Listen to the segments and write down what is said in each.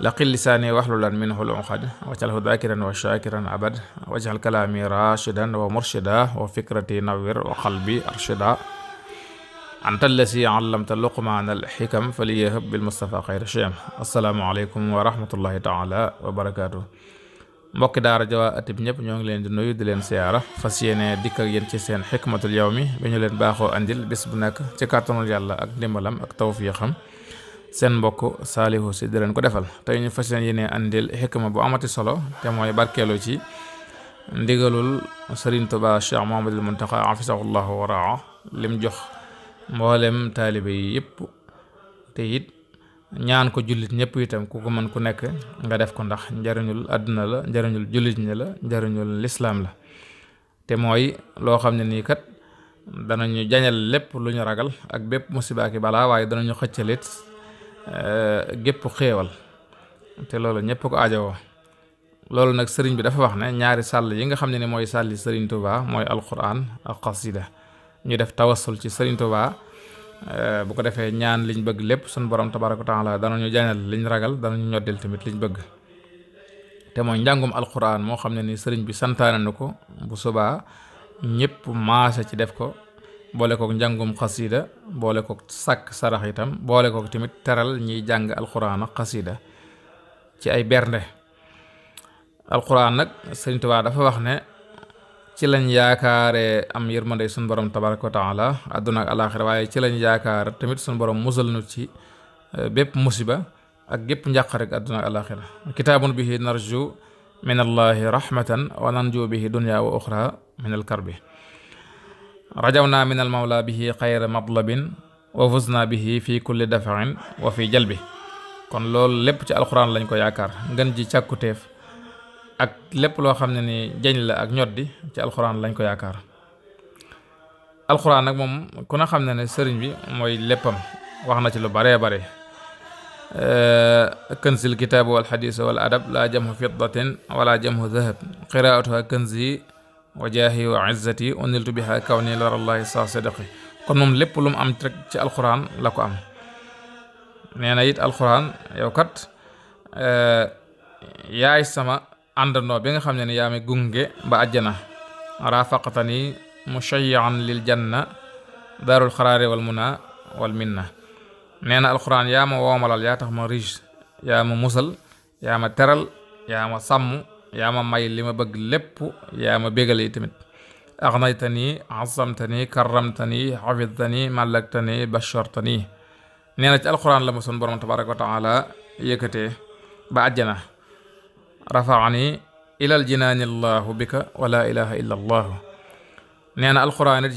laqil lisaani waxlulan minhu lunqad waj'alhu dhaakiran wa shaakiran abad waj'al kalaami raashidan wa murshida wa fikrati nawwir wa qalbi arshida anta allasi allamta luqmaana alxikam faliyahab bilmustafa xayra shiyam assalaamu aleykum wa rahmatullahi wa barakaatu mbokki daara jawaa atib ñëpp ñoo ngi leen di nuyu di leen siyaara fas yéene dikk ak ci seen xikmatul yawmi bi ñu leen baaxoo andil bis bu nekk ci kàttanul yàlla ak ndimbalam ak tawfiixam seen mbokk Saalihu si di leen ko defal tey ñu fas yéene andil xikma bu amati solo te mooy barkeelu ci ndigalul Sëriñ Tuubaa Cheikh Muhammadul Muntaqa afisahullahu wa raa lim jox mboolem taalibe yi yëpp te it ñaan ko jullit ñëpp itam ku ko mën ku nekk nga def ko ndax njariñul àdduna la njariñul jullit ñi la njariñul lislaam la te mooy loo xam ne nii kat danañu jañal lépp lu ñu ragal ak bépp musiba balaa waaye danañu xëccalit Eh, gépp xéewal te loolu ñëpp ko ajowoo loolu nag sëriñ bi dafa wax ne ñaari sàll yi nga xam ne ni mooy sàlli sëriñ Tuubaa mooy alquran ak xasida ñu def tawassul ci sëriñ Tuubaa eh, bu ko defee ñaan liñ bëgg lépp suñ borom tabaaraka wa dana ñu jañal liñ ragal danañu ñoddil tamit liñ bëgg te mooy njàngum alquran moo xam ne ni sëriñ bi santaane ko bu subaa ñëpp maase ci def ko boole kook njàngum xasida boole kook sàkk sarax itam boole kook tamit teral ñiy jàng alxuraan ak ci ay bernde alxuraan nag Sëriñ Tuubaa dafa wax ne ci lañ yaakaare am yërmande suñu borom tabaraka wa taala àdduna ak alaaxira waaye ci lañ yaakaar tamit suñu borom musal nu ci eh, bépp musiba ak gépp njàq rek àdduna ak alaaxira kitaabun bihi narju min allahi rahmatan wa nanju bihi dunya wa uxra min alkarbi rajawna naa al mawla bihi xayra matlabin wa fusna bihi fi kulli dafain wa fi jalbi kon loolu lépp ci alxuraan lañ ko yaakaar ngën ji càkkuteef ak lépp loo xam ne ni jañ la ak ñoddi ci alxuraan lañ ko yaakaar alxuraan nag moom ku na xam ne ne sëriñ bi mooy léppam wax na ci lu baree bare kënsil kitaabu wal adab laa jamhu fiddatin wala jamhu zahab qiraatuha kënsi wa jaahi wa izzati uniltu biha kaw nii larallahi saa sadaqi kon moom lépp lu mu am rek ci alxuraan la ko am nee na it alxuraan kat eh, yaay sama àndandoo bi nga xam ne ni yaa mi gunge ba àjjana raafaqatani mushayian lil janna daarul xaraari wal muna wal minna nee na alxuraan yaa ma woomalal yaa tax ma riche yaa ma musal yaa ma teral yaa ma sàmm yaa ma may li ma bëgg lépp yaa ma bégal yi tamit axnaytani azamtani karramtani xafidtani mallaktani bashartani nee na ci alquran la ma sun borom tabaraka wa taala yëkkatee ba àjjana rafaani ilal jinaani allahu bika wala ilaha illa allahu nee na alquran it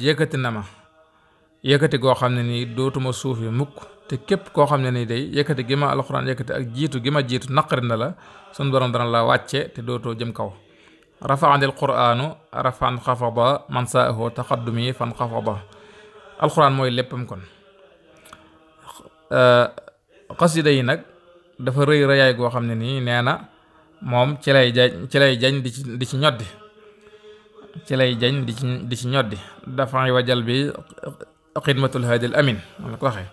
ma yëkkati goo xam ne nii dootuma suufi mukk te képp koo xam ne nii day yëkkati gi ma alxuraan yëkkati ak jiitu gi ma jiitu naqari na la sun borom dana la wàcce te dootoo jëm kaw rafaanil quraanu rafan xafada man saahu taqaddumi fan xafada alxuraan mooy léppam kon euh, xasida yi nag dafa rëy rëyaay goo xam ne nii nee na moom ci lay jañ ci lay jañ di ci di ñoddi ci lay jañ di ci di ci ñoddi dafay wajal bi xidmatul haadil amin man ko waxee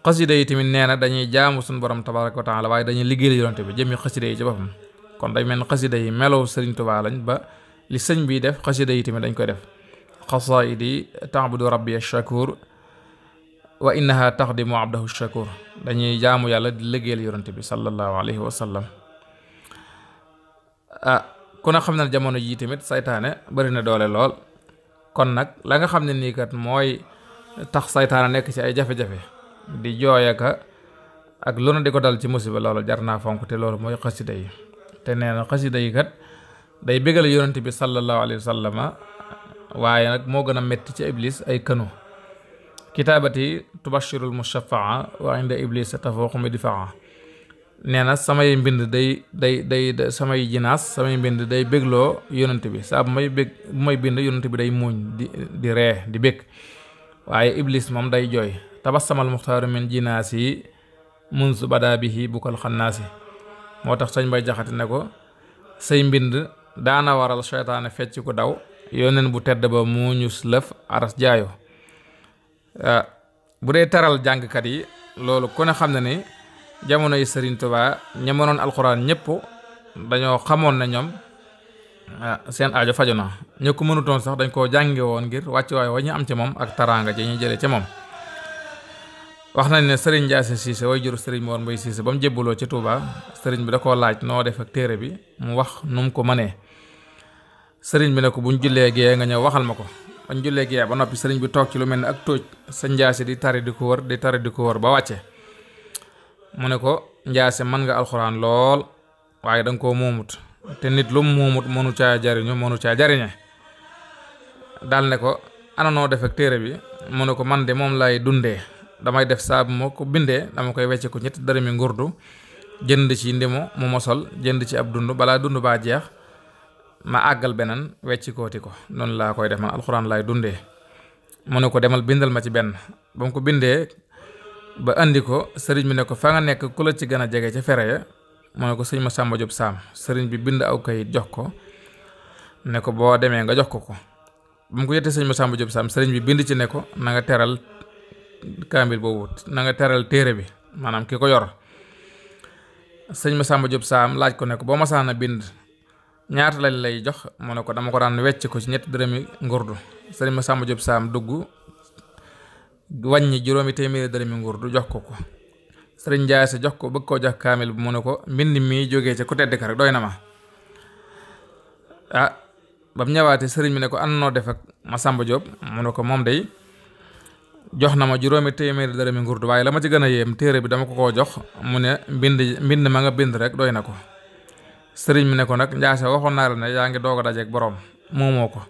xasida yi tamit nee na dañuy jaamu suñu borom tabaraka wa taala waaye dañuy liggéeyal yonante bi jëmi xasida yi ci boppam kon day mel ni xasida yi melow sëriñ Tuubaa lañ ba li sëñ bi def xasida yi tamit dañ koy def xasaid yi taabudu rabbi shakur wa di taxdimu abdahu shakur dañuy jaamu yàlla di liggéeyal yonante bi sallallahu alayhi wa sallam ah ku ne xam na jamono jii tamit saytaane bari na doole lool kon nag la nga xam ne nii kat mooy tax saytaane nekk ci ay jafe di jooyaka ak lu na di ko dal ci musiba loolu jar naa fonk te loolu mooy xasida yi te nee na xasida yi kat day bégal yonent bi sallallahu alayhi wa sallam waaye nag moo gën a metti ci iblis ay kanu kitaabati tubashirul mushafaa wa inda iblis na samay mbind day day day samay jinaas samay mbind day bégloo yonent bi saa bu may bég bu may bind yonent bi day muuñ di di ree di bég waaye iblis moom day jooy tabassamal muxtaaru min jinaas yi munsu badaa bihi bukkal xannaas si moo tax sëñ bay jaxati ne ko say mbind daana waral seytaane fecc ku daw yoneen bu tedd ba mu ñus lëf aras jaayo ah, bu dee teral jàngkat yi loolu ku ne xam ne ni jamono yi Sëriñ Tuubaa ña alxuraan ñëpp dañoo xamoon na ñoom Ah, seen ajo faju naa ñu ko mënutoon sax dañ koo jànge woon ngir wàccuwaay wa ñu am ci moom ak taraanga ji ñu jëlee ci moom wax nañ ne sëriñ Njaase Siise way juru sëriñ Mor Mbay Siise ba mu jébbaloo ci Touba sëriñ bi da koo laaj noo def ak téere bi mu wax nu mu ko mënee sëriñ bi ne ko buñ jullee gee nga ñëw waxal ma ko bañ jullee gee ba noppi sëriñ bi toog ci lu mel ni ak tóoj sa njaase di tari di ko wër di tari di ko wër ba wàcce mu ne ko njaase mën nga alxuraan lool waaye da nga koo moomut te nit lu mu muumut mënu caa jariñu mënu caa jariñe daal ne ko ana noo def téere bi mu ne ko man de moom laay dundee damay def saa bu ma ko bindee dama koy wecce ko ñetti dërëmi ngurdu jënd ci ndimu mu mosol jënd ci ab dund balaa dund baa jeex ma àggal beneen wecci kooti ko noonu laa koy def man alxuraan lay dundee mu ne ko demal bindal ma ci benn ba ko bindee ba indi ko sëriñ bi ne ko fa nga nekk ku la ci gën a jege ca fere ya mu ne ko sëñ ma Masamba job Sam sëriñ bi bind aw kayit jox ko ne ko boo demee nga jox ko ko bu mu ko yettee sëñ Masamba job Sam sëriñ bi bind ci ne ko na nga teral kaamil boobu na nga teral téere bi maanaam ki ko yor sëñ ma Masamba job Sam laaj ko ne ko boo masaan a bind ñaata lañ lay jox mu ne ko dama ko daan wecc ko ci ñetti dërëmi ngurdu sëñ Masamba Diop saam dugg wàññi juróomi téeméeri dërëmi ngurdu jox ko ko. sëriñ Njaay sa jox ko bëgg koo jox kaamil bu mu ne ko mbind mi jógee ca ku tedd ka rek doy na ma ah ba mu ñëwaatee sëriñ bi ne ko am noo def ma Masamba Diop mu ne ko moom day jox na ma juróomi téeméeri dërëmi ngurdu waaye la ci gën a yéem téere bi dama ko koo jox mu ne mbind mbind ma nga bind rek doy na ko sëriñ bi ne ko nag Njaay sa waxoon naa la ne yaa ngi doog a dajeeg boroom moomoo ko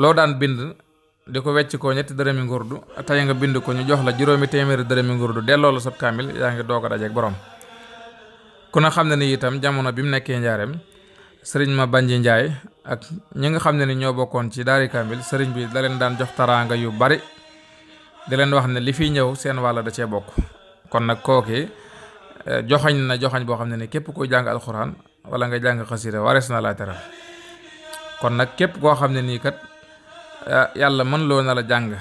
loo daan bind di ko wecc koo ñetti dërëmi ngurdu tey nga bind ko ñu jox la juróomi téeméeri dërëmi ngurdu delloo la sab kaamil yaa ngi doog a dajeeg borom ku na xam ne ni itam jamono bi mu nekkee njaareem sëriñ ma banji njaay ak ñi nga xam ne ni ñoo bokkoon ci daari kaamil sëriñ bi da daan jox taraanga yu bari di leen wax ne li fi ñëw seen wàll da cee bokk kon nag kooki eh, joxañ na joxañ boo xam ne ni képp koo jàng alxuraan wala nga jàng xasida warees na laa teral Eh, yàlla mën loo na la jàng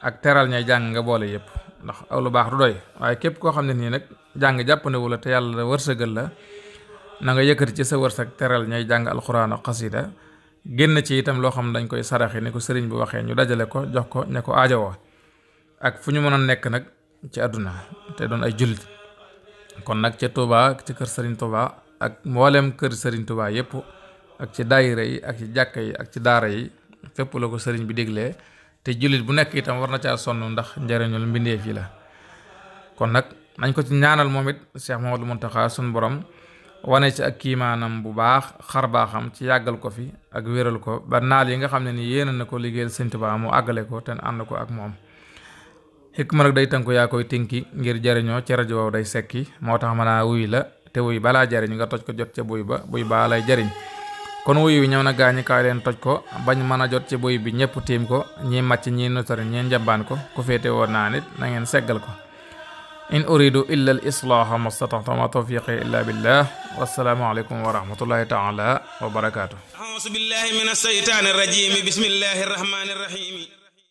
ak teral ñay jàng nga boole yëpp ndax aw lu baax du doy waaye képp koo xam ne nii nag jàng jàppandewu la te yàlla wërsëgal la na nga yëkkati ci sa wërsëg teral ñay jàng alxuraan ak xasida génn ci itam loo xam dañ koy saraxi ni ko sëriñ bu waxee ñu dajale ko jox ko ña ko aajowoo ak fu ñu mën a nekk nag ci àdduna te doon ay jullit kon nag ca Touba ci kër sëriñ Touba ak mboolem kër sëriñ Touba yëpp ak ci daayira yi fépp la ko sëriñ bi déglee te jullit bu nekk itam war na caa sonn ndax njariñul mbindeef yi la kon nag nañ ko ci ñaanal moom it Cheikh Mouhamadou Mountakha sunu borom wane ci ak kiimaanam bu baax xar baaxam ci yàggal ko fi ak wéral ko ba naal yi nga xam ne ni yéena na ko liggéeyal Sëriñ Tuubaa mu àggale ko te ànd ko ak moom xikma nag day tënku yaa koy tinki ngir jariñoo ci rajo wow day sekki moo tax mën a wuy la te wuy balaa jariñ nga toj ko jot ca buy ba buy baa lay jariñ kon wuyu wi ñëw na gaañi kaay leen toj ko bañ mën a ci buy bi ñëpp tiim ko ñi màcc ñi notari ñi njabaan ko ku féete woon naa nit na ngeen seggal ko in uridu illa al islaaha mastataxta ma tawfiqi illa billah wassalaamu aleykum wa rahmatullahi taala wa barakaatu auzu billahi min alsheytaani arrajim bismillahi arrahmani arrahim